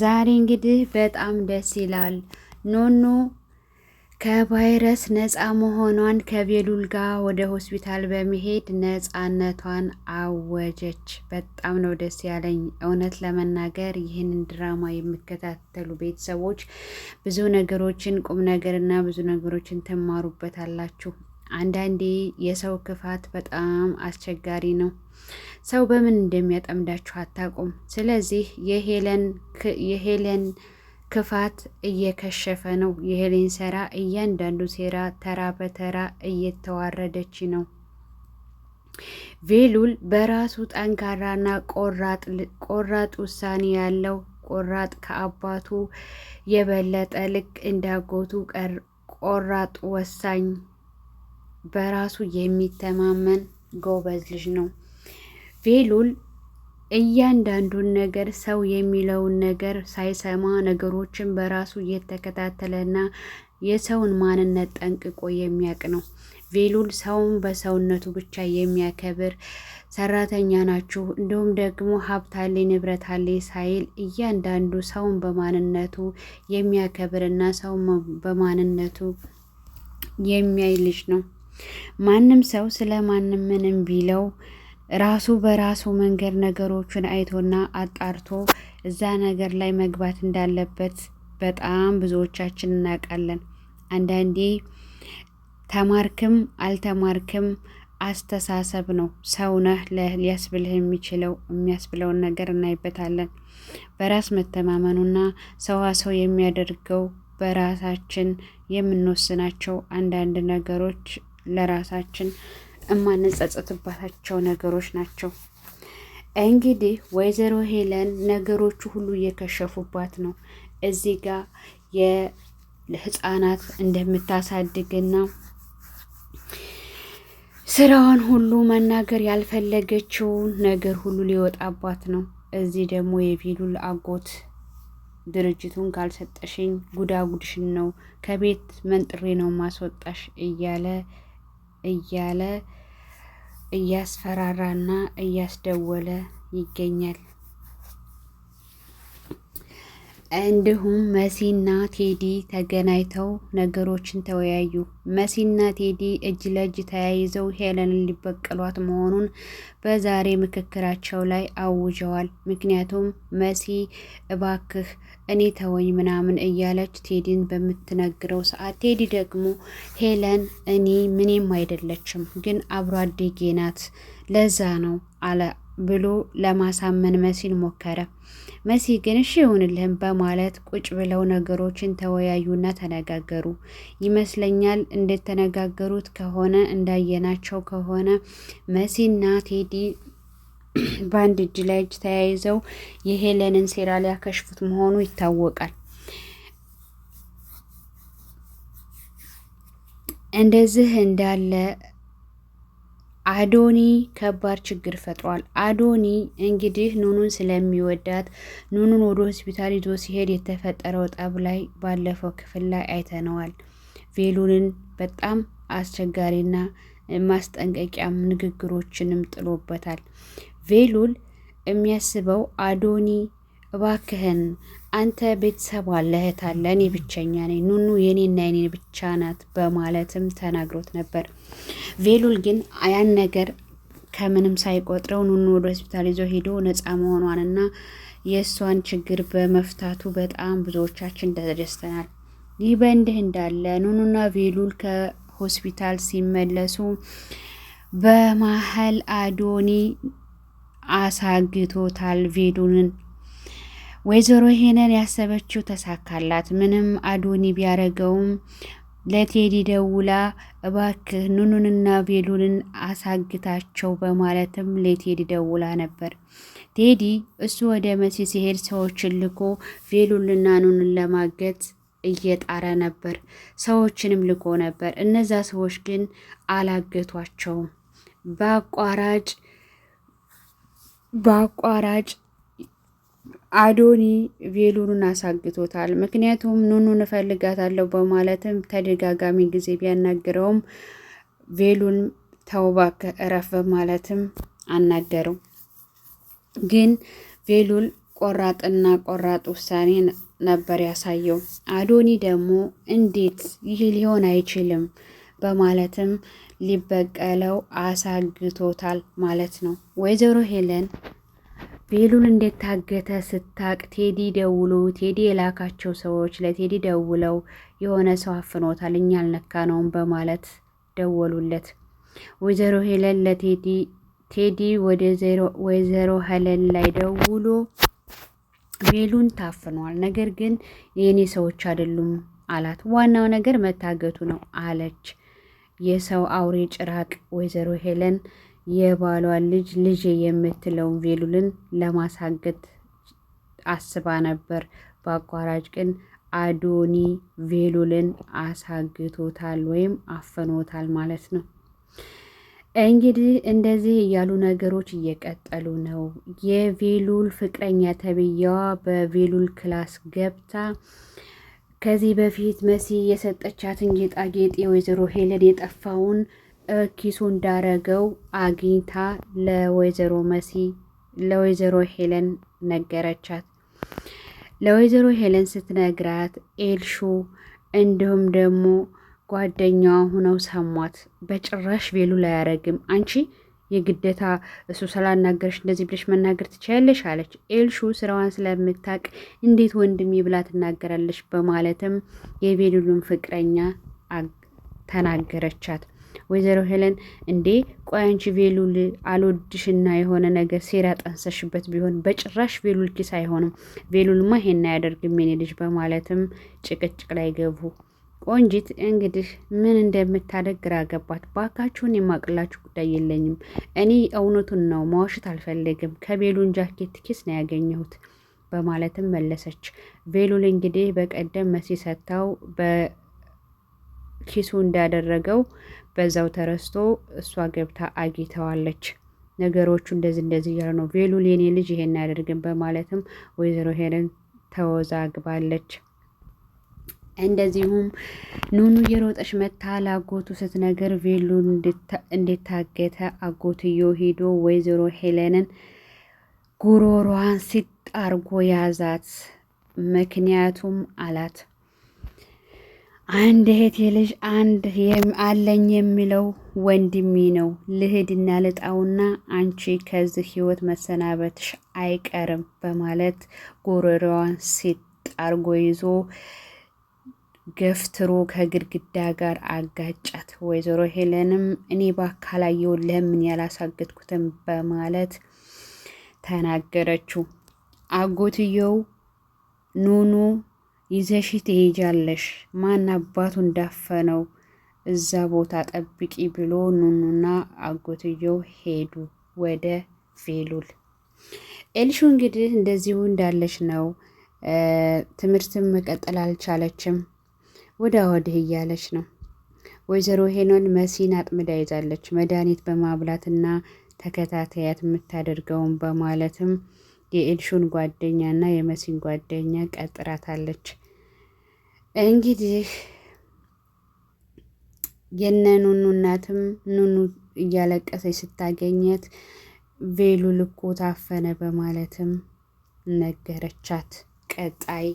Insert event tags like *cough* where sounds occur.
ዛሬ እንግዲህ በጣም ደስ ይላል። ኖኖ ከቫይረስ ነፃ መሆኗን ከቤሉል ጋር ወደ ሆስፒታል በመሄድ ነፃነቷን አወጀች። በጣም ነው ደስ ያለኝ። እውነት ለመናገር ይህንን ድራማ የሚከታተሉ ቤተሰቦች ብዙ ነገሮችን ቁም ነገርና ብዙ ነገሮችን ትማሩበታላችሁ። አንዳንዴ የሰው ክፋት በጣም አስቸጋሪ ነው። ሰው በምን እንደሚያጠምዳችሁ አታውቁም። ስለዚህ የሄለን ክፋት እየከሸፈ ነው። የሄሌን ሴራ፣ እያንዳንዱ ሴራ ተራ በተራ እየተዋረደች ነው። ቬሉል በራሱ ጠንካራና ቆራጥ ውሳኔ ያለው ቆራጥ ከአባቱ የበለጠ ልክ እንዳጎቱ ቆራጥ ወሳኝ በራሱ የሚተማመን ጎበዝ ልጅ ነው። ቬሉል እያንዳንዱን ነገር ሰው የሚለውን ነገር ሳይሰማ ነገሮችን በራሱ እየተከታተለና የሰውን ማንነት ጠንቅቆ የሚያውቅ ነው። ቬሉል ሰውን በሰውነቱ ብቻ የሚያከብር ሰራተኛ ናችሁ፣ እንዲሁም ደግሞ ሀብት አለ ንብረት አለ ሳይል እያንዳንዱ ሰውን በማንነቱ የሚያከብርና ሰውን በማንነቱ የሚያይ ልጅ ነው። ማንም ሰው ስለ ማንም ምንም ቢለው ራሱ በራሱ መንገድ ነገሮችን አይቶና አጣርቶ እዛ ነገር ላይ መግባት እንዳለበት በጣም ብዙዎቻችን እናውቃለን። አንዳንዴ ተማርክም አልተማርክም አስተሳሰብ ነው ሰውነህ ሊያስብልህ የሚችለው የሚያስብለውን ነገር እናይበታለን። በራስ መተማመኑና ሰው የሚያደርገው በራሳችን የምንወስናቸው አንዳንድ ነገሮች ለራሳችን እማንጸጸትባቸው ነገሮች ናቸው። እንግዲህ ወይዘሮ ሄለን ነገሮቹ ሁሉ እየከሸፉባት ነው። እዚህ ጋር የህፃናት እንደምታሳድግና ስራዋን ሁሉ መናገር ያልፈለገችውን ነገር ሁሉ ሊወጣባት ነው። እዚህ ደግሞ የቪሉል አጎት ድርጅቱን ካልሰጠሽኝ ጉዳጉድሽን ነው ከቤት መንጥሬ ነው ማስወጣሽ እያለ እያለ እያስፈራራና እያስደወለ ይገኛል። እንዲሁም መሲና ቴዲ ተገናኝተው ነገሮችን ተወያዩ። መሲና ቴዲ እጅ ለእጅ ተያይዘው ሄለንን ሊበቀሏት መሆኑን በዛሬ ምክክራቸው ላይ አውጀዋል። ምክንያቱም መሲ እባክህ እኔ ተወኝ ምናምን እያለች ቴዲን በምትነግረው ሰዓት ቴዲ ደግሞ ሄለን እኔ ምንም አይደለችም፣ ግን አብሮ አደጌ ናት ለዛ ነው አለ ብሎ ለማሳመን መሲን ሞከረ። መሲ ግን እሺ ይሁንልህም በማለት ቁጭ ብለው ነገሮችን ተወያዩና ተነጋገሩ። ይመስለኛል እንደተነጋገሩት ከሆነ እንዳየናቸው ከሆነ መሲና ቴዲ *clears throat* በአንድ እጅ ላይ እጅ ተያይዘው የሄለንን ሴራ ሊያከሽፉት መሆኑ ይታወቃል። እንደዚህ እንዳለ አዶኒ ከባድ ችግር ፈጥሯል። አዶኒ እንግዲህ ኑኑን ስለሚወዳት ኑኑን ወደ ሆስፒታል ይዞ ሲሄድ የተፈጠረው ጠብ ላይ ባለፈው ክፍል ላይ አይተነዋል። ቬሉንን በጣም አስቸጋሪና ማስጠንቀቂያም ንግግሮችንም ጥሎበታል። ቬሉል የሚያስበው አዶኒ እባክህን አንተ ቤተሰብ አለ እህት አለ፣ እኔ ብቸኛ ነኝ፣ ኑኑ የኔና የኔ ብቻ ናት በማለትም ተናግሮት ነበር። ቬሉል ግን ያን ነገር ከምንም ሳይቆጥረው ኑኑ ወደ ሆስፒታል ይዞ ሄዶ ነፃ መሆኗንና የእሷን ችግር በመፍታቱ በጣም ብዙዎቻችን ተደስተናል። ይህ በእንዲህ እንዳለ ኑኑና ቬሉል ከሆስፒታል ሲመለሱ በመሀል አዶኒ አሳግቶታል ቬሉልን። ወይዘሮ ሄነን ያሰበችው ተሳካላት። ምንም አዶኒ ቢያደርገውም ለቴዲ ደውላ እባክህ ኑኑንና ቤሉልን አሳግታቸው በማለትም ለቴዲ ደውላ ነበር። ቴዲ እሱ ወደ መሲ ሲሄድ ሰዎችን ልኮ ቤሉልና ኑኑን ለማገት እየጣረ ነበር። ሰዎችንም ልኮ ነበር። እነዛ ሰዎች ግን አላገቷቸውም። በአቋራጭ በአቋራጭ አዶኒ ቤሉልን አሳግቶታል። ምክንያቱም ኑኑን እፈልጋታለሁ በማለትም ተደጋጋሚ ጊዜ ቢያናግረውም ቬሉን ተው እባክህ እረፍ በማለትም አናገረው። ግን ቬሉል ቆራጥና ቆራጥ ውሳኔ ነበር ያሳየው። አዶኒ ደግሞ እንዴት ይህ ሊሆን አይችልም በማለትም ሊበቀለው አሳግቶታል ማለት ነው። ወይዘሮ ሄለን ቤሉን እንዴት ታገተ ስታቅ ቴዲ ደውሉ፣ ቴዲ የላካቸው ሰዎች ለቴዲ ደውለው የሆነ ሰው አፍኖታል እኛ አልነካነውም በማለት ደወሉለት። ወይዘሮ ሄለን ለቴዲ ቴዲ ወደ ወይዘሮ ሄለን ላይ ደውሎ ቤሉን ታፍኗል፣ ነገር ግን የእኔ ሰዎች አይደሉም አላት። ዋናው ነገር መታገቱ ነው አለች። የሰው አውሬ ጭራቅ ወይዘሮ ሄለን የባሏን ልጅ ልጄ የምትለውን ቬሉልን ለማሳገት አስባ ነበር። በአቋራጭ ግን አዶኒ ቬሉልን አሳግቶታል ወይም አፍኖታል ማለት ነው። እንግዲህ እንደዚህ እያሉ ነገሮች እየቀጠሉ ነው። የቬሉል ፍቅረኛ ተብያዋ በቬሉል ክላስ ገብታ ከዚህ በፊት መሲ የሰጠቻትን ጌጣጌጥ የወይዘሮ ሄለን የጠፋውን ኪሱ እንዳረገው አግኝታ ለወይዘሮ መሲ ለወይዘሮ ሄለን ነገረቻት። ለወይዘሮ ሄለን ስትነግራት ኤልሹ እንዲሁም ደግሞ ጓደኛዋ ሁነው ሰሟት። በጭራሽ ቤሉል አያረግም አንቺ የግደታ እሱ ስላናገረሽ እንደዚህ ብለሽ መናገር ትችያለሽ አለች። ኤልሹ ስራዋን ስለምታቅ እንዴት ወንድሜ ብላ ትናገራለች በማለትም የቤሉሉን ፍቅረኛ ተናገረቻት። ወይዘሮ ሄለን እንዴ ቆይ አንቺ ቬሉል አልወድሽና የሆነ ነገር ሴራ ጠንሰሽበት ቢሆን በጭራሽ ቬሉል ኪስ አይሆንም። ቬሉልማ ይሄን አያደርግም የኔ ልጅ በማለትም ጭቅጭቅ ላይ ገቡ። ቆንጂት እንግዲህ ምን እንደምታደግ ግራ ገባት። ባካችሁን የማቅላችሁ ጉዳይ የለኝም። እኔ እውነቱን ነው ማዋሸት አልፈለግም። ከቤሉን ጃኬት ኪስ ነው ያገኘሁት በማለትም መለሰች። ቤሉል እንግዲህ በቀደም መሲ ሰጥታው ኪሱ እንዳደረገው በዛው ተረስቶ እሷ ገብታ አጊተዋለች። ነገሮቹ እንደዚህ እንደዚህ እያሉ ነው። ቬሉል የኔ ልጅ ይሄን አያደርግም በማለትም ወይዘሮ ሄለን ተወዛግባለች። እንደዚሁም ኑኑ የሮጠሽ መታ ለአጎቱ ስትነገር ቬሉ እንዴታገተ አጎትዮ ሄዶ ወይዘሮ ሄለንን ጉሮሯን ሲጣርጎ ያዛት። ምክንያቱም አላት አንድ እህቴ ልጅ አንድ አለኝ የሚለው ወንድሜ ነው። ልሂድና ልጣውና አንቺ ከዚህ ህይወት መሰናበትሽ አይቀርም በማለት ጎረሯዋን ሲጥ አርጎ ይዞ ገፍትሮ ከግድግዳ ጋር አጋጫት። ወይዘሮ ሄለንም እኔ በአካላየው ለምን ያላሳገጥኩትም በማለት ተናገረችው። አጎትየው ኑኑ ይዘሽ ትሄጃለሽ። ማን አባቱ እንዳፈነው እዛ ቦታ ጠብቂ ብሎ ኑኑና አጎትየው ሄዱ ወደ ቬሉል። ኤልሹ እንግዲህ እንደዚሁ እንዳለች ነው። ትምህርትም መቀጠል አልቻለችም። ወደ አወድህ እያለች ነው። ወይዘሮ ሄኖን መሲን አጥምዳ ይዛለች። መድኃኒት በማብላትና ተከታታያት የምታደርገውን በማለትም የኤልሹን ጓደኛ እና የመሲን ጓደኛ ቀጥራታለች። እንግዲህ የነ ኑኑ እናትም ኑኑ እያለቀሰች ስታገኘት ቬሉ ልኮ ታፈነ በማለትም ነገረቻት። ቀጣይ